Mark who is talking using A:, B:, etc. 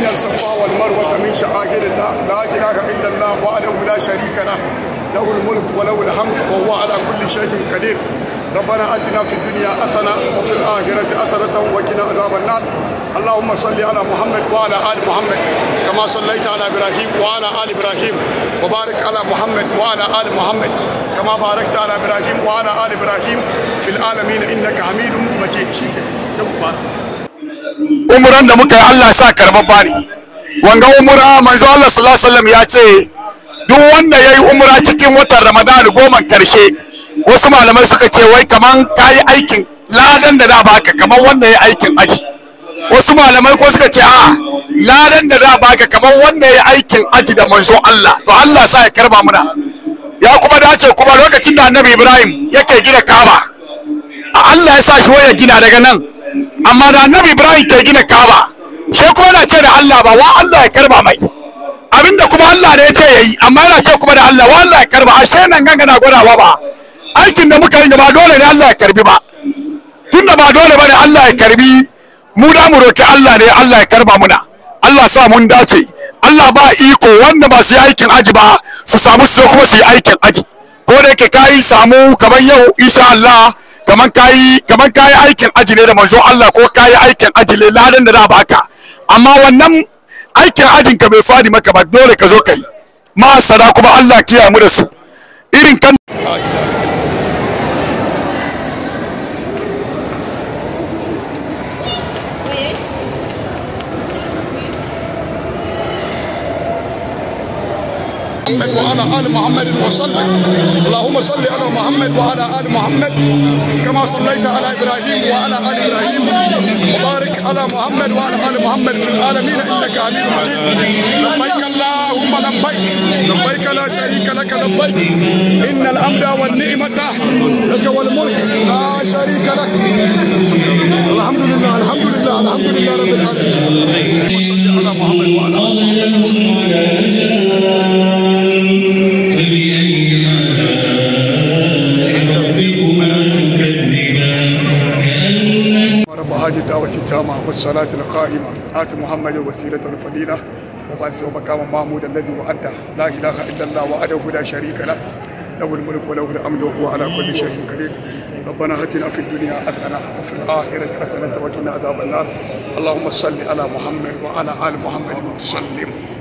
A: إن الصفا والمروة من شعائر الله لا إله إلا الله وحده لا شريك له له الملك وله الحمد وهو على كل شيء قدير ربنا آتنا في الدنيا حسنة وفي الآخرة حسنة وقنا عذاب النار اللهم صل على محمد وعلى آل محمد كما صليت على إبراهيم وعلى آل إبراهيم وبارك على محمد وعلى آل محمد كما باركت على إبراهيم وعلى آل إبراهيم في العالمين إنك حميد مجيد شيخ
B: umran da muka yi Allah sa karɓa bani, wanga umura manzo Allah sallallahu alaihi wasallam ya ce duk wanda ya yi umra cikin watan ramadan goma karshe wasu malamai suka ce wai kaman ka yi aikin ladan da za baka kaman wanda ya aikin aji wasu malamai ko suka ce a'a ladan da za baka kaman wanda ya aikin aji da manzo Allah to Allah sa ya karba muna ya kuma dace kuma lokacin da annabi Ibrahim yake gina Kaaba Allah ya sa shi waya gina daga nan amma da annabi ibrahim kai gina kaba shi ko yana ce da allah ba wa allah ya karba mai abinda kuma allah ne ya ce ya yi, amma yana ce kuma da allah wa allah ya karba a ashe nan gangana gwadawa ba aikin da muka yi ba dole ne allah ya karbi ba tun da ba dole ba ne allah ya karbi mu da mu roki allah ne allah ya karba muna allah sa mun dace allah ba iko wanda ba su yi aikin aji ba su samu su kuma su yi aikin aji ko da yake ka yi samu kamar yau insha allah kamar kayi aikin aji ne da manzo Allah ko kayi aikin aji ne ladan da za baka amma wannan aikin ajin ka bai fadi maka ba dole ka zo kai ma sada kuma Allah kiyamu mu da su irin kan
C: محمد وعلى ال محمد وسلم اللهم صل على محمد وعلى ال محمد كما صليت على ابراهيم وعلى ال ابراهيم وبارك على محمد وعلى ال محمد في العالمين انك حميد مجيد لبيك اللهم لبيك لبيك لا شريك لك لبيك ان الامر والنعمه لك والملك لا شريك لك الحمد لله الحمد لله الحمد لله رب العالمين وصلي على محمد وعلى ال محمد وسلم
A: وهذه الدعوة التامة والصلاة القائمة آت محمد وسيلة الفضيلة وبعثه مقاما محمود الذي وعده لا إله إلا الله وعده لا شريك له له الملك وله الأمر وهو على كل شيء قدير ربنا هتنا في الدنيا
B: حسنة وفي الآخرة حسنة وقنا عذاب النار اللهم صل على محمد وعلى آل محمد وسلم